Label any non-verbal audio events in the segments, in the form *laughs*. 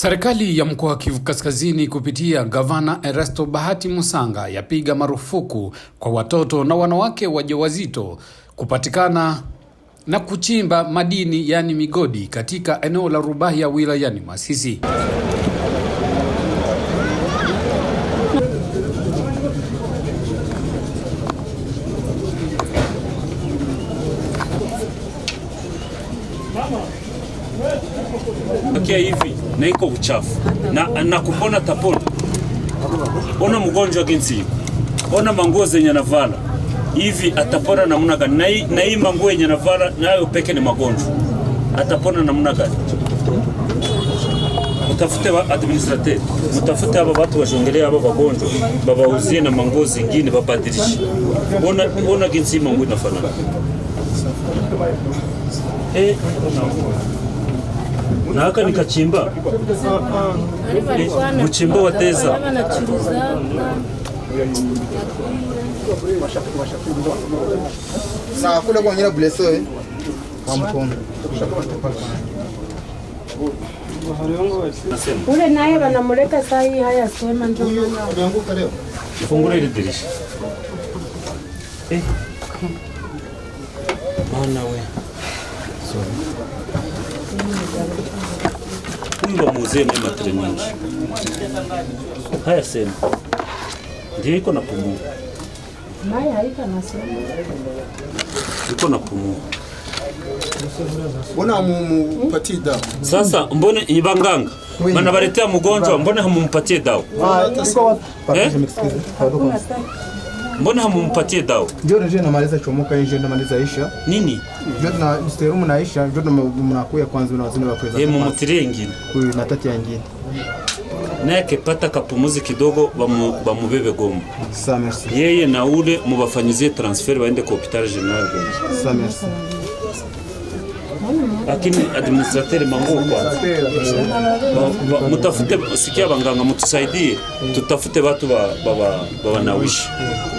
Serikali ya mkoa wa Kivu Kaskazini kupitia gavana Erasto Bahati Musanga yapiga marufuku kwa watoto na wanawake wajawazito kupatikana na kuchimba madini yaani migodi katika eneo la Rubaya wilayani Masisi. Okay, na iko uchafu na, na kupona tapona. Ona mgonjwa ginsi, ona manguo zenye navala hivi, atapona namna gani? Na hii na hii manguo yenye navala nayo peke ni magonjwa, atapona namna gani? Mutafute wa administrate, mutafute aba batu washongelea aba bagonjwa, babauzie na manguo zingine babadilishe. Ona, ona ginsi manguo inafanana eh, naka nikachimba mchimba wateza sawa kule kwa nyira bulesoe eh? kwa mkono ule naye wanamuleka saa hii haya sema ndio fungura ile dirisha eh. Mana we. Sorry. niba muzeyemo matire nyinshi nk'aya sema ndiye ko napumuwe ndiko napumuwe mbona mumpatie dawa sasa mbone iba nganga wanawaletea mugonjwa mbone hamumpatie dawa eh? Mbona hamumpatie dawa? Ndio ndio namaliza chomoka hiyo namaliza Aisha. Nini? Ndio na serum na Aisha, ndio mnakuya kwanza na wazini wa kwanza. Eh, mumutirie ngine. Huyu na tatia ngine. Naye kepata kapumuzi kidogo bamubebe Goma. Sa merci. Yeye na ule mubafanyizie transfer baende kwa hospital general Goma. Sa merci lakini administrateur Mangukwa, mutafute sikia, banganga mutusaidie, tutafute watu babanawisha,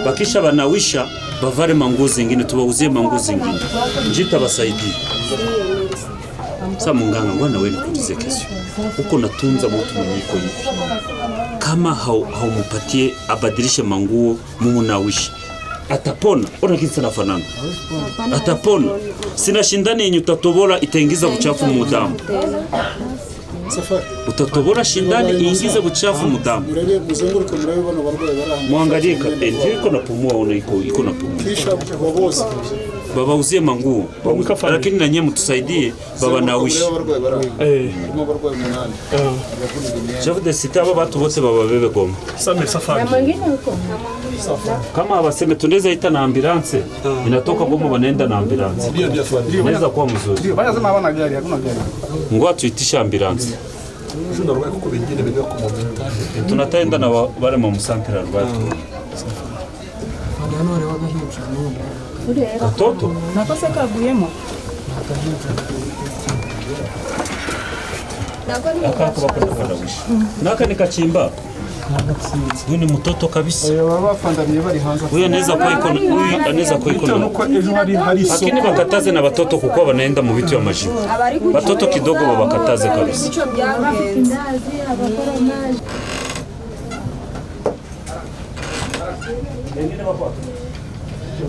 bakisha banawisha bavare manguo zingine, tubauzie manguo zingine, njita basaidie. Sa munganga ngwana wewe nikuulize kesho, uko natunza mutu mwenyeko hivi, kama haumpatie abadilishe manguo mumunawishi atapona. Ona kitu sinafanana, atapona. Sina shindani yenye utatobora itaingiza uchafu mudamu utatobora shindani iingize uchafu mudamu. Mwangalie eh, ndio iko na pumua ona iko iko na napumua babauzie manguo, lakini nanye mutusaidie baba chef de cité aba batu bose bababebe goma kama abaseme tunaweza ita na ambulance inatoka Goma, wanaenda na ambulance. Inaweza kuwa mzuri ngo atuitisha ambulance tunataenda na wale mu santre ya Katoto nakoseka guyemo naka nikachimba huyu ni mtoto kabisa. lakini bakataze na batoto kuko banaenda mu vitu ya majibu. Batoto kidogo babakataze kabisa.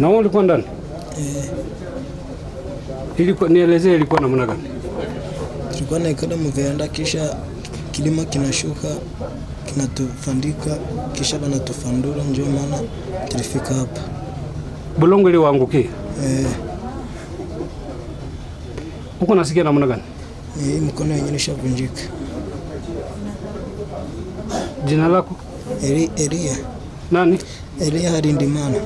Na wewe ulikuwa ndani? Eh. Ilikuwa nielezee, ilikuwa namna gani? Tulikuwa na ikada veranda, kisha kilima kinashuka kinatufandika, kisha banatufandura, ndio maana tulifika hapa. Bulongo ile Eh. Uko nasikia namna gani? Eh, mkono wenyewe ushavunjika. Jina lako? Elia. Nani? Elia Harindimana.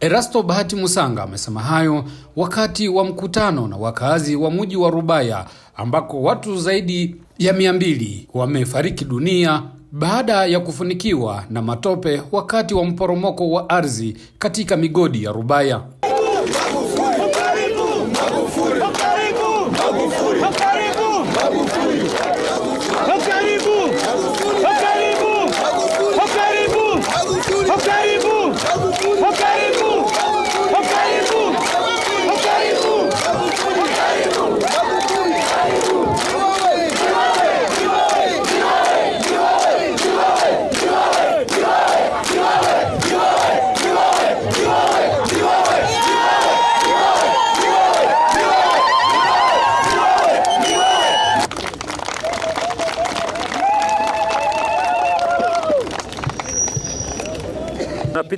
Erasto Bahati Musanga amesema hayo wakati wa mkutano na wakazi wa mji wa Rubaya ambako watu zaidi ya mia mbili wamefariki dunia baada ya kufunikiwa na matope wakati wa mporomoko wa ardhi katika migodi ya Rubaya.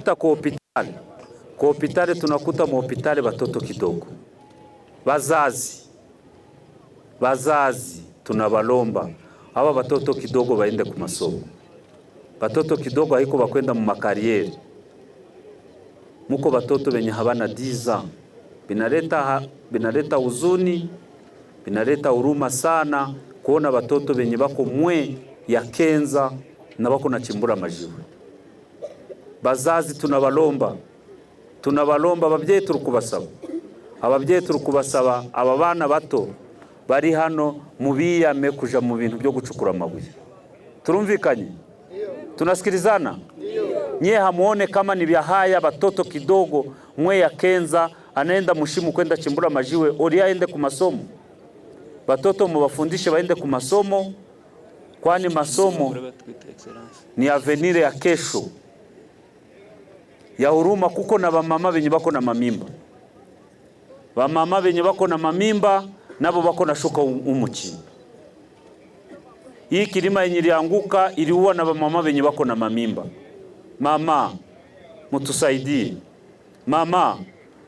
tunakuta kwa hospitali, kwa hospitali tunakuta muhospitali watoto kidogo. Wazazi wazazi tunabalomba hawa watoto kidogo baende ku masomo, watoto kidogo haiko bakwenda mu makariere, muko watoto benye habana diza, binaleta binaleta huzuni, binaleta huruma sana kuona watoto benye bako mwe ya kenza na bako na chimbura majiwe. bazazi tunabalomba tunabalomba ababyeyi turi kubasaba ababyeyi turi kubasaba aba bana bato bari hano mubiyame kuja mu bintu byo gucukura amabuye turumvikanye tunasikirizana nyie kama ni vya batoto kidogo mwe ya kenza anaenda mushimu kwenda chimbura majiwe ori aende kumasomo batoto mubafundishe ku masomo kwani masomo ni avenire ya kesho ya huruma kuko na bamama benye bako na mamimba bamama benye bako na mamimba nabo bako na shuka umuchi hii kilima yenye ilianguka iliua na bamama benye bako na mamimba. Mama mutusaidie, mama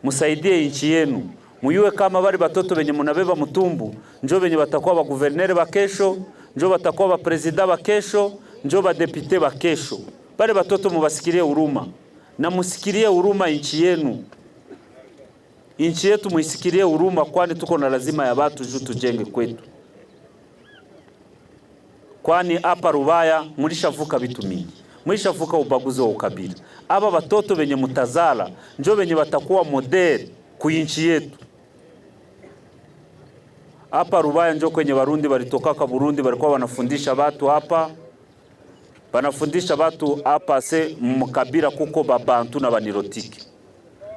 musaidie inchi yenu, muyue kama bari batoto benye munabeba mutumbu njo benye batakuwa ba guvernere ba kesho, njo batakuwa ba president ba kesho, njo ba depute ba kesho. Bari batoto mubasikirie huruma na msikirie huruma nchi yenu, nchi yetu muisikirie huruma, kwani tuko na lazima ya watu juu tujenge kwetu, kwani hapa Rubaya mulishavuka vitu mingi, mulishavuka ubaguzi wa ukabila. Aba batoto benye mutazala njo benye watakuwa model ku nchi yetu. Hapa Rubaya njo kwenye Barundi balitokaka Burundi, walikuwa wanafundisha watu hapa banafundisha batu apase mukabira kuko babantu na banirotiki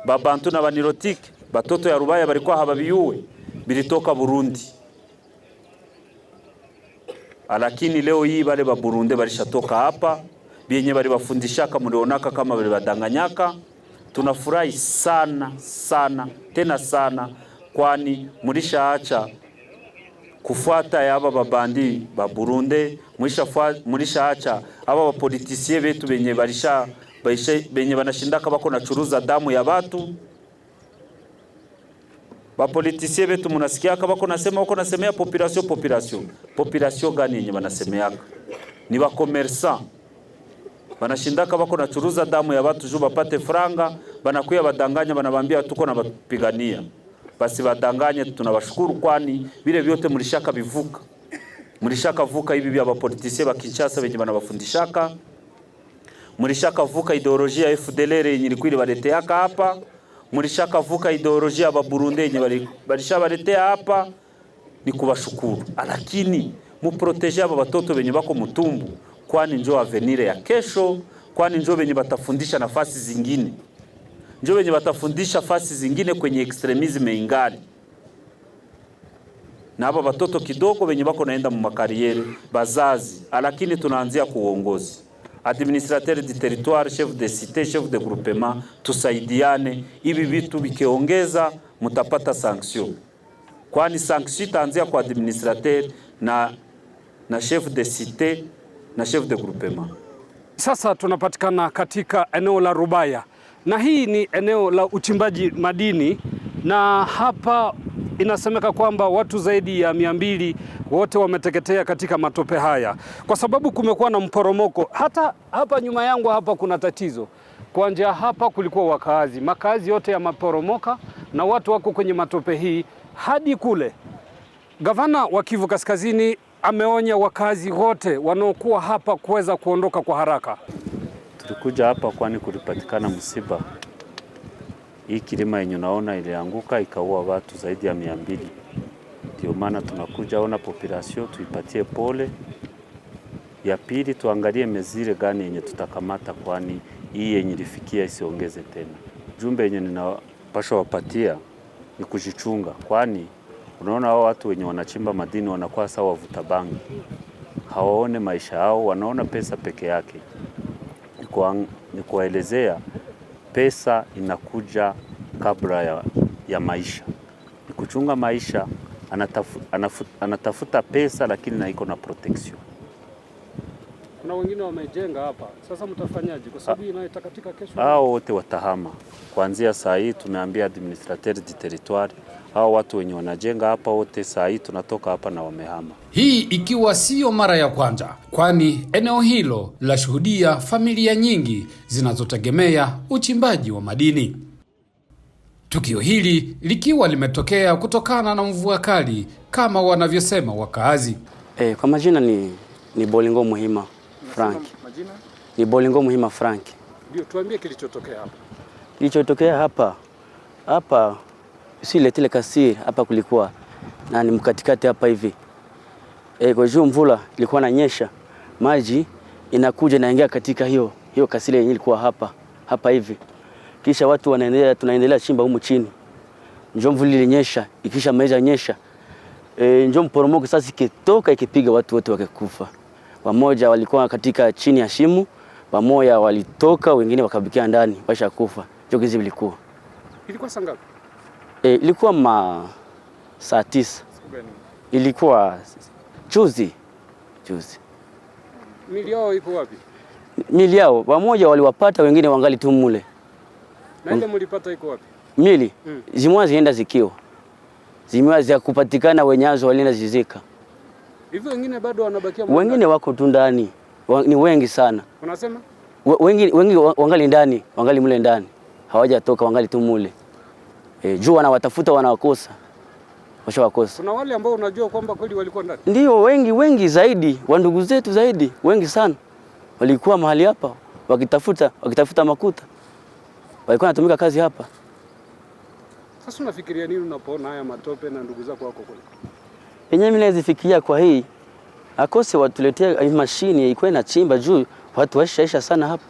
babantu na banirotiki batoto ya rubaya haba babiyuwe bilitoka Burundi lakini leo hii bale ba Burundi barishatoka hapa bienye bari bafundishaka mlionaka kama bari badanganyaka. Tunafurahi sana sana tena sana, kwani murishaacha kufuata yaba babandi ba Burundi murishaacha aba bapolitisiye betu benye barisha benye banashindaka bako nachuruza damu ya batu bapolitisiye betu munasikiaka bako nasema bako nasemea population population population gani yenye banasemeaka ni bakomersa banashindaka bako nachuruza damu ya batu juu bapate franga, banakuya badanganya, banabambia tuko na bapigania basi badanganye. Tunabashukuru kwani bile vyote mulishaka bivuka murishaka vuka ibi bya byabapolitisiye ba Kinshasa bafundishaka murishaka vuka ideolojia ya FDLR yenye likwili baletea hapa vuka ideolojia ya Baburundi yenye barete hapa ni kubashukuru, lakini muproteje aba batoto benye bako mutumbu, kwani njo avenire ya kesho, kwani njo benye batafundisha nafasi zingine, njo benye batafundisha fasi zingine kwenye extremism ingali na hapa watoto kidogo wenye wako naenda mu makariere bazazi, lakini tunaanzia kuongozi administrateur du territoire, chef de cité, chef de groupement, tusaidiane. Hivi vitu vikiongeza, mutapata sanction, kwani sanction itaanzia kwa administrateur na, na chef de cité na chef de groupement. Sasa tunapatikana katika eneo la Rubaya na hii ni eneo la uchimbaji madini na hapa Inasemeka kwamba watu zaidi ya mia mbili wote wameteketea katika matope haya, kwa sababu kumekuwa na mporomoko. Hata hapa nyuma yangu hapa kuna tatizo. kwanja, hapa kulikuwa wakaazi, makaazi yote yameporomoka na watu wako kwenye matope hii hadi kule. Gavana wa Kivu Kaskazini ameonya wakazi wote wanaokuwa hapa kuweza kuondoka kwa haraka. Tulikuja hapa kwani kulipatikana msiba hii kilima yenye unaona ilianguka ikaua watu zaidi ya mia mbili. Ndio maana tunakuja ona population tuipatie pole. Ya pili tuangalie mezire gani yenye tutakamata, kwani hii yenye ilifikia isiongeze tena. Jumbe yenye ninapasha wapatia ni kujichunga, kwani unaona hao watu wenye wanachimba madini wanakuwa sawa wavuta bangi, hawaone maisha yao, wanaona pesa peke yake. Ni kuwaelezea pesa inakuja kabla ya, ya maisha. Ni kuchunga maisha, anatafu, anafu, anatafuta pesa lakini na iko na protection. Kuna wengine wamejenga hapa, sasa mtafanyaje? Kwa sababu ah. inayotakatika kesho, hao wote watahama. Kuanzia saa hii tumeambia administrateur du territoire hao watu wenye wanajenga hapa wote saa hii tunatoka hapa na wamehama. Hii ikiwa siyo mara ya kwanza, kwani eneo hilo lashuhudia familia nyingi zinazotegemea uchimbaji wa madini. Tukio hili likiwa limetokea kutokana na mvua kali kama wanavyosema wakaazi. E, kwa majina ni ni Bolingo Muhima Frank. Majina? Ni Bolingo Muhima Frank. Ndio, tuambie kilichotokea hapa. Kilichotokea hapa hapa si letile kasiri hapa kulikuwa na ni mkatikati hapa hivi e, kwa hiyo mvula ilikuwa inanyesha, maji inakuja inaingia katika hiyo hiyo kasiri yenyewe ilikuwa hapa hapa hivi, kisha watu wanaendelea, tunaendelea chimba humu chini, njoo mvula ilinyesha, ikisha maji yanyesha e, eh, njoo mporomoko sasa ikitoka ikipiga watu wote wakakufa. Wamoja walikuwa katika chini ya shimo, wamoja walitoka, wengine wakabikia ndani washakufa. Hiyo kizibu ilikuwa ilikuwa sangapi? E, ilikuwa ma saa tisa, ilikuwa chuzi chuzi. Mili yao iko wapi? Mili yao wamoja waliwapata, wengine wangali tu mule. Na ile mlipata iko wapi? Mili hmm. Zimwa zienda zikiwa zimwa za kupatikana, wenyazo walienda zizika. Hivyo wengine bado wanabakia, wengine wako tu ndani, ni wengi sana. Unasema wengi, wengi wangali ndani, wangali mule ndani, hawajatoka, wangali tu mule E, juu wanawatafuta wanawakosa, washawakosa. Kuna wale ambao unajua kwamba kweli walikuwa ndani, ndio wengi wengi zaidi wa ndugu zetu zaidi wengi sana walikuwa mahali hapa wakitafuta wakitafuta makuta, walikuwa wanatumika kazi hapa. Sasa unafikiria nini unapoona haya matope na ndugu zako wako kule? Yenye mimi naweza fikiria kwa hii akose watuletea mashini ikuwe na chimba juu watu waishaisha sana hapa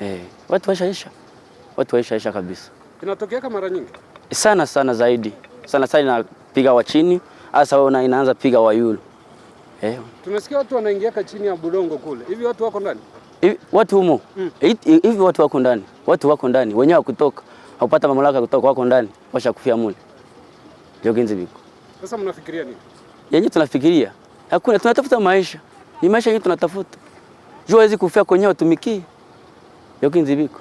eh, watu waishaisha watu waishaisha kabisa. Inatokeaka mara nyingi sana sana, zaidi sana sana inapiga wa chini, hasa wewe inaanza piga wa yulu eh. Tunasikia watu wanaingiaka chini ya budongo kule, hivi watu wako ndani hivi, watu humo mm. hivi mm. watu wako ndani, watu wako ndani wenyewe, wakutoka hawapata mamlaka kutoka, wako ndani, washakufia mule jogenzi biko. Sasa mnafikiria nini? Yenye tunafikiria hakuna, tunatafuta maisha, ni maisha yenyewe tunatafuta, jua hizi kufia kwenye watumiki jogenzi biko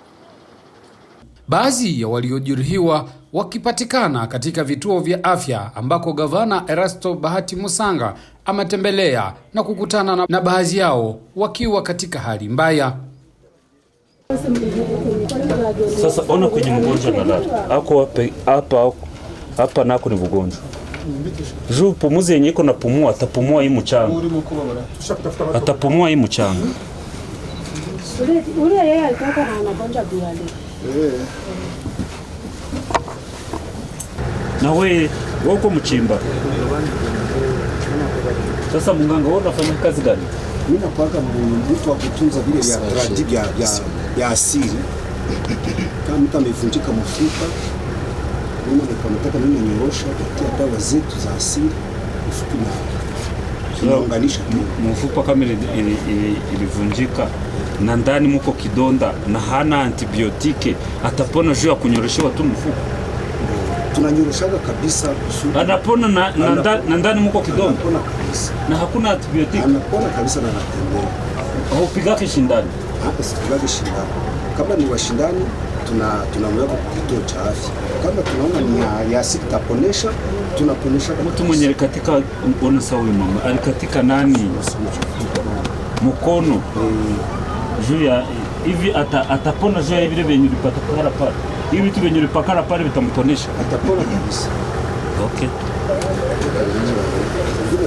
baadhi ya waliojeruhiwa wakipatikana katika vituo vya afya ambako Gavana Erasto Bahati Musanga ametembelea na kukutana na baadhi yao wakiwa katika hali mbaya. Sasa ona kwenye mgonjwa nalala ako hapa hapa nako ni mgonjwa juu pumuzi yenye iko napumua atapumua hii mchanga atapumua hii mchanga nawe wako mchimba sasa, munganga wewe unafanya kazi gani? Mimi napaka mtu wa kutunza vile vya radi ya, ya, ya asili. Kama mtu amefunjika mafuta, mimi nikamtaka mimi nyorosha kutia dawa zetu za asili mfupi na tunaunganisha mfupa kama ilivunjika ili, ili, ili na ndani muko kidonda na hana antibiotike, atapona juu ya kunyoroshewa tu mfuko. Tunanyoroshaga kabisa kusudi anapona na, na ndani muko kidonda na hakuna antibiotike, anapona kabisa na anatembea. Upigake shindani hapa? Sipigake shindani, kabla ni washindani tuna tunamweka kwa kituo cha afya. Kama tunaona ni ya yasiki taponesha, tunaponesha. Mtu mwenye alikatika mkono, sawa mama, alikatika nani mkono? Mm juu ya hivi ata, atapona juu ya vile venye ulipakana pale, hivi vitu venye ulipakana pale vitamtonesha, atapona kabisa. Okay. *laughs*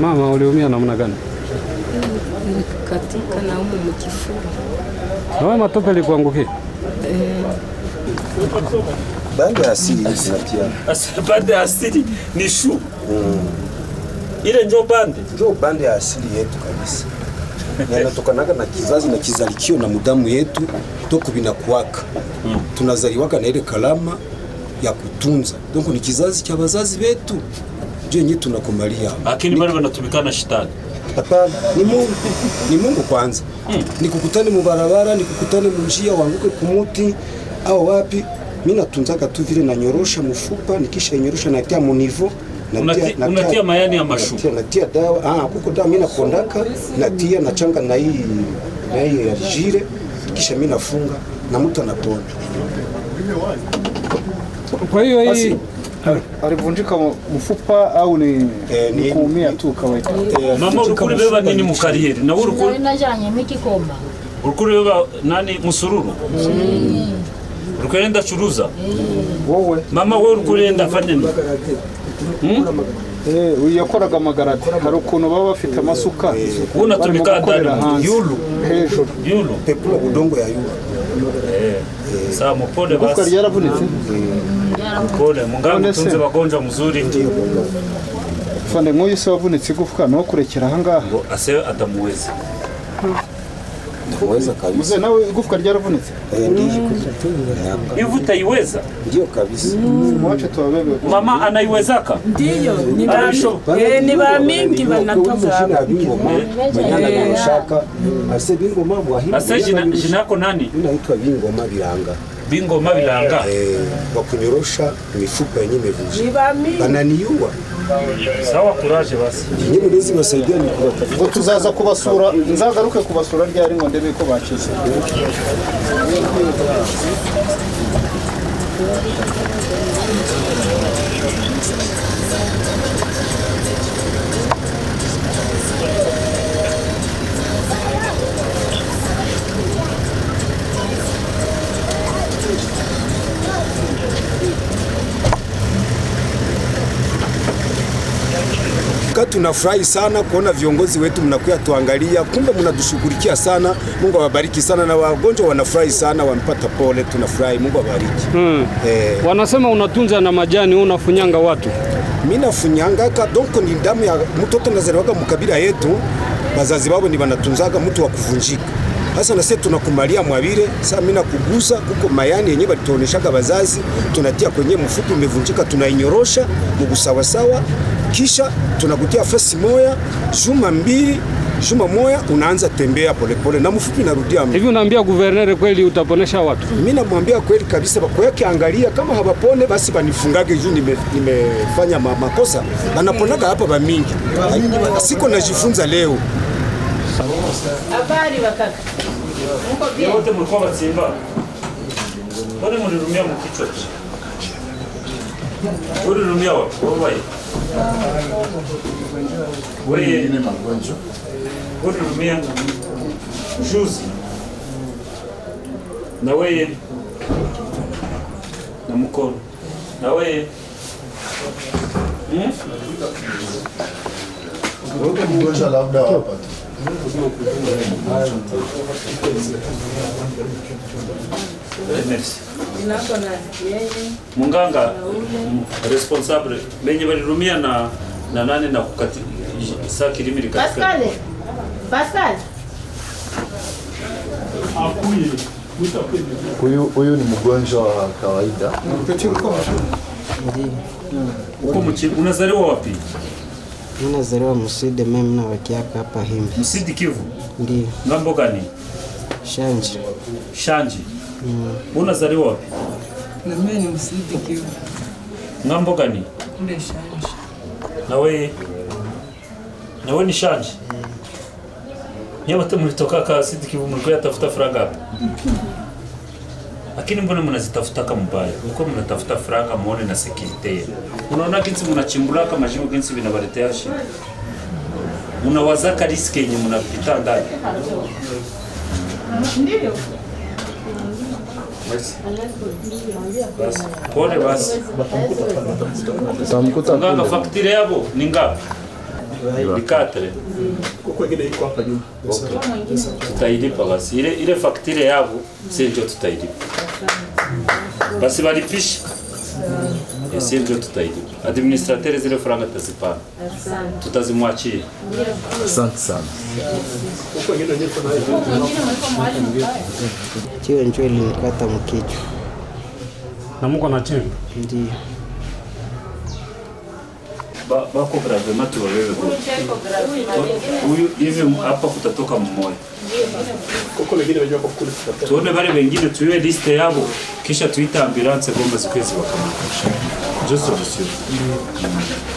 Mama, uliumia namna gani? Katika na umu mkifua. Na wewe matope likuangukia? Eh. asili baada ya asili ni shu. Mm. Ile njo bande. Njo bande asili yetu kabisa na inatokanaga na kizazi na kizalikio na mudamu yetu toko binakuwaka mm. tunazaliwaka na ile kalama ya kutunza donc ni kizazi cha wazazi wetu jenye tunakumalia, lakini bado wanatumika na shetani. Hapana, ni Mungu, ni Mungu kwanza mm. nikukutane mubarabara, nikukutane munjia, wanguke kumuti au wapi, mimi natunzaka tu vile nanyorosha mufupa, nikisha inyorosha natia munivo unatia mayani ya mashu natia dawa ah, kuko dawa mimi nakondaka natia nachanga na hii na hii ya jire kisha mimi nafunga na mtu anapona. Kwa hiyo hii alivunjika mfupa au ni eh, ni kuumia tu kawaida. Eh, mama urukuri beba nini mu na urukuri najanye mikikomba urukuri beba nani musururu mm. urukuri ndachuruza wowe mama wewe urukuri ndafanya nini Hmm? Eh, yakoraga amagarati hari ukuntu baba bafite amasuka barimo gukorera hanze hejuru eh, eh. igufwa ryaravunitse fane nk'uyu se wavunitse igufwa ni wo kurekera ahangaha Nitaweza kabisa. Mzee nawe igufwa ryaravunitse? Eh, ndije kuzitubira. Ivu utaiweza? Ndio kabisa. Mwache mm. tuwabebe. Mama anaiwezaka? Ndio. Ni basho. Eh, ni ba mingi banatoka. Manyana kushaka. Ase bingo bingoma bwahimba. Ase jina yako nani? Naitwa bingo Biranga. Bingo Biranga. Eh, wakunyorosha mifupa yenyewe Ni ba mingi. Bananiua. sawa kuraje basi nyine nizi basaidia ni kubata ngo tuzaza kubasura nzagaruke kubasura ryari ngo ndebe ko bakize Thank you. Hakika tunafurahi sana kuona viongozi wetu mnakuya tuangalia, kumbe mnatushughulikia sana. Mungu awabariki sana, na wagonjwa wanafurahi sana, wampata pole, tunafurahi. Mungu awabariki. Hmm. Eh, wanasema unatunza na majani, unafunyanga watu, mimi nafunyangaka, donc ni damu ya mtoto nazaliwaga mkabila yetu, bazazi babo ni banatunzaga mtu wa kuvunjika sasa nasi tunakumalia mwabire sasa, mimi nakugusa kuko mayani yenye balituoneshaga bazazi, tunatia kwenye mfupi umevunjika, tunainyorosha mugusawasawa kisha tunakutia fasi moya juma mbili juma moya, unaanza tembea polepole na mfupi narudia. Hivi unaambia governor kweli utaponesha watu? Mimi namwambia kweli kabisa, kwa yake angalia, kama hawapone basi banifungage juu nime, nimefanya ma, makosa banaponaga hapa ba mingi, siko najifunza leo. Habari wakaka. Wote mlikuwa batsimba. Wote mlirumia mkichwa. Wote mlirumia wapi? Wapi? Wewe ni magonjwa. Wewe juzi. Na wewe na mkono. Na wewe hmm? mgonjwa labda hapa Munganga responsable lenye walirumia na na nane na kukati saa kilimi likatika huyu ni mgonjwa wa kawaida. Uko mchini unazaliwa wapi? Mimi nazaliwa Msidi, mimi mna hapa himi. Msidi Kivu? Ndiyo. Ngambo gani? Shanji. Shanji. Mm. Unazaliwa wapi? Na mimi ni Msidi Kivu. Ngambo gani? Kule Shanji. Na wewe? Na wewe ni Shanji? Mm. Nyewe mlitoka kwa Msidi Kivu mlikuwa tafuta faranga hapa. *laughs* lakini mbona mnazitafuta kama mbaya? Mko mnatafuta furaha muone na sekirite Unaona kinsi mnachimbula kama jimu kinsi vinabaletea shida. Unawaza ka risk yenye mnapita ndani. Ndio. Basi. Pole basi. Tamkuta. Nganga faktire yabo ni ngapi? Bikatele. Kuko ile iko hapa juu. Tutailipa basi. Ile ile faktire yabo sio tutaidipa. Basi walipishi ese ndio tutaidi Administrateur zile franga tazipana, tutazimwachia. Asante sana. Chiwe njwele nilikata mkichwa na Mungu anachemba ndio bako grave matu wawewe huyu hivi hapa kutatoka mmoja, tuone bale wengine tuiwe liste yabo, kisha tuita ambulance Goma zikwezi wakamata.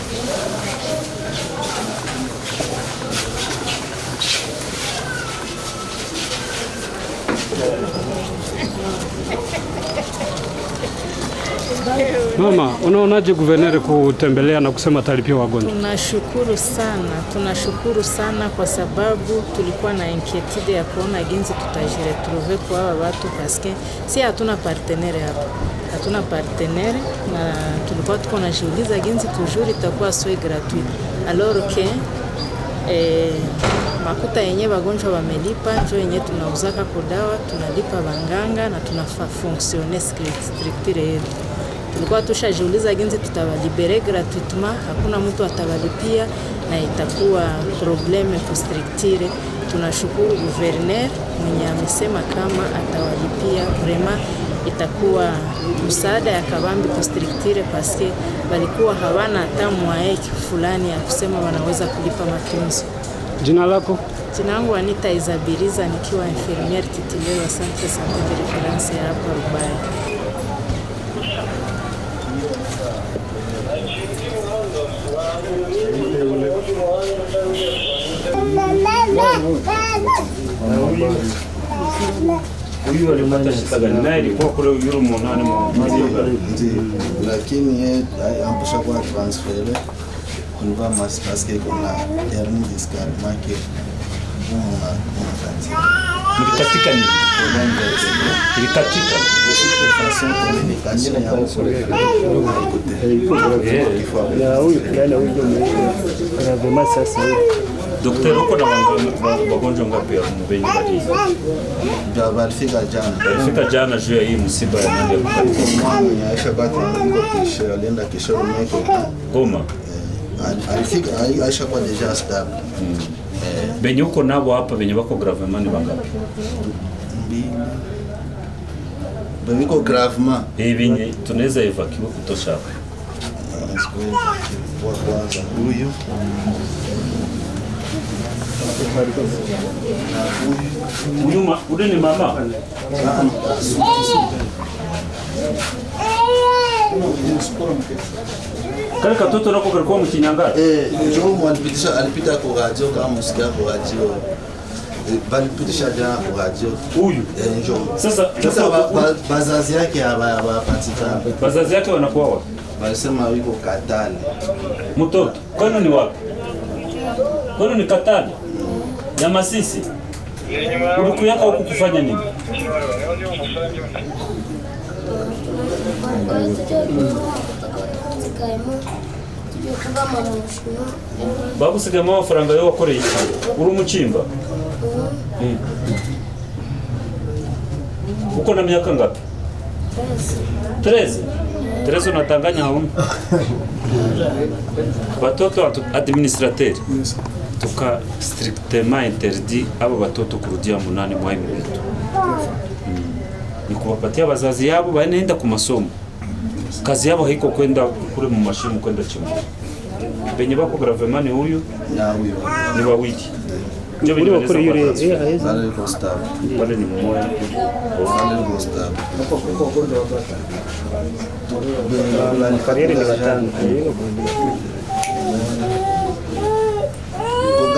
Mama, unaonaje guverneri kutembelea na kusema atalipia wagonjwa? Tunashukuru sana, tunashukuru sana kwa sababu tulikuwa na inquietude ya kuona ginzi tutajiretrouve kwa hawa watu paske si hatuna partenere hapa, hatuna partenere na tulikuwa tuko na jiuliza ginzi tujuri itakuwa soe gratuit alors que eh, makuta yenye wagonjwa wamelipa njo yenye tunauzaka kudawa tunalipa banganga na tunafa fonctionner structure yetu tulikuwa tushajiuliza ginzi tutawalibere gratuitement, hakuna mtu atawalipia na itakuwa probleme kustriktire. Tunashukuru guverner mwenye amesema kama atawalipia vrema, itakuwa msaada ya kabambi kustriktire, paske walikuwa hawana hata mwae fulani ya kusema wanaweza kulipa matunzo. Jina lako? Jina langu Anita Izabiriza, nikiwa infirmiere titulaire wa Sante Sante de Reference hapa Rubaya. Huyu alipata Lakini yeye kwa transfer kunivaa mas paske kuna herni discard make una una Daktari, huko na wagonjwa ngapi mbei mbalizo? Ndio walifika jana. Walifika jana juu ya hii msiba ya nani? Mwanangu Aisha Bati alikuwa kisha alienda kisha umeko Goma. Eh, alifika Aisha kwa deja stable. Benye hmm. huko nabo hapa benye wako gravement ni wangapi? Benye huko gravement. Eh, benye tunaweza evacuate kutosha hapa. Ah, kwa kwanza huyu Huyu ni mama kale katoto nako kalikuwa mkinyangara. Eh, ndio alipitisha alipita kwa radio kama msikia kwa radio. Balipitisha jana kwa radio. Huyu. Eh, ndio. Sasa sasa bazazi yake hawapatikana. Bazazi yake wanakuwa wapi? Walisema yuko Katani. Mtoto, kwani ni wapi? Kwani ni Katani? ya Masisi yako huku kufanya nini? bagusigama amafaranga yo wakoreye iki uri umucimba mm-hmm. mm. uko na myaka ngapi? Tereze Tereze unatanganya hauna *laughs* watoto administrateri tuka strictement interdit abo batoto kurudia munane mwa hivi vitu mm. ni kubapatia bazazi yabo baenda ku masomo, kazi yabo haiko kwenda kule mu mashimu kwenda chimu benye bako gravement ni huyu na huyu ni wawiki ndio ni 4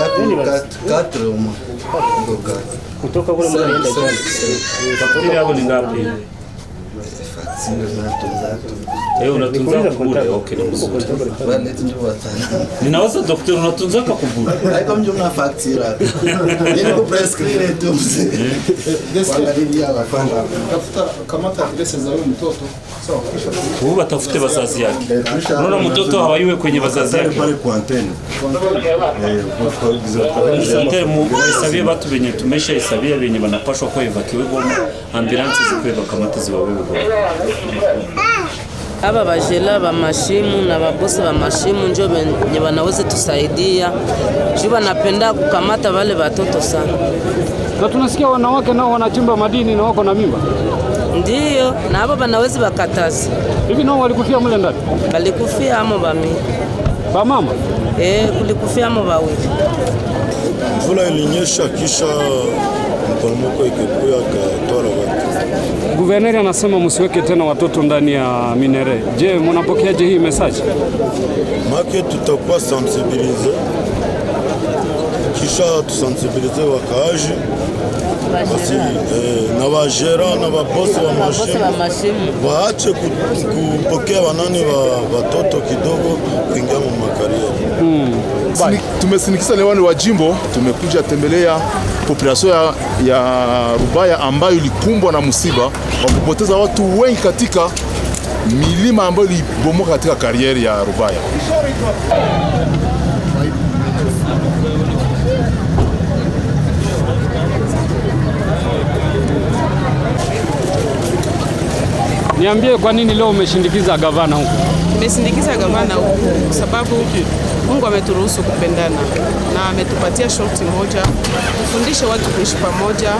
au Kutoka kule ni ngapi? Unatunza kubure. daktari, unatunza kubure. Kamata adresi za huyo mtoto. Huyu atafute wazazi yake. Unaona mtoto hawayuwe kwenye wazazi yake. Pale kwa antene. Eh, mwisabie watu wenye tumesha isabia wenye wanapashwa kwa evacuate boma, ambulance zikwe bakamata ziwawewe boma. Aba bajela ba mashimu na babosi ba mashimu njo benye banaweza tusaidia. Juu banapenda kukamata wale watoto sana. Na tunasikia wanawake nao wanachimba madini na wako na mimba. Ndiyo, na hapo banawezi bakataza. Hivi nao walikufia mule ndani? Walikufia amo bami. Ba mama? Eh, kulikufia amo bawili. Mvula ilinyesha kisha mporomoko ikekuya katwara watu. Guverneri anasema musiweke tena watoto ndani ya minere. Je, munapokeaje hii message? Make tutakuwa sensibilize. Kisha tusensibilize wakaaji na bajera na babosi wa mashine waache kupokea wanani wa watoto kidogo kuingia mu makariere. Hmm. Tumesinikisa lewani wa jimbo, tumekuja tembelea population ya, ya Rubaya ambayo ilikumbwa na msiba wa kupoteza watu wengi katika milima ambayo ilibomoka katika kariere ya Rubaya. Niambie, kwa nini leo umeshindikiza gavana huku? Nimesindikiza gavana huku kwa sababu Mungu ameturuhusu kupendana na ametupatia shoti moja kufundisha watu kuishi pamoja,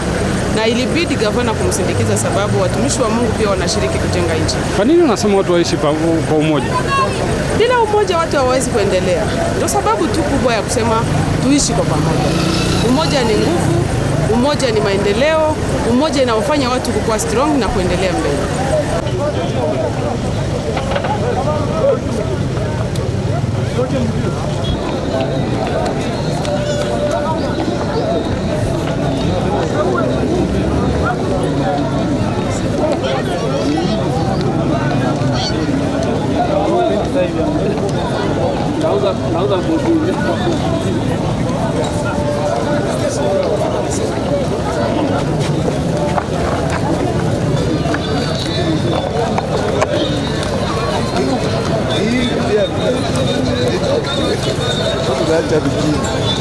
na ilibidi gavana kumsindikiza sababu watumishi wa Mungu pia wanashiriki kujenga nchi. Kwa nini unasema watu waishi kwa umoja? Bila umoja watu hawawezi kuendelea. Ndio sababu tu kubwa ya kusema tuishi kwa pamoja. Umoja ni nguvu, umoja ni maendeleo, umoja inawafanya watu kukua strong na kuendelea mbele. Não dá, não dá, Watu tunaacha vijijini.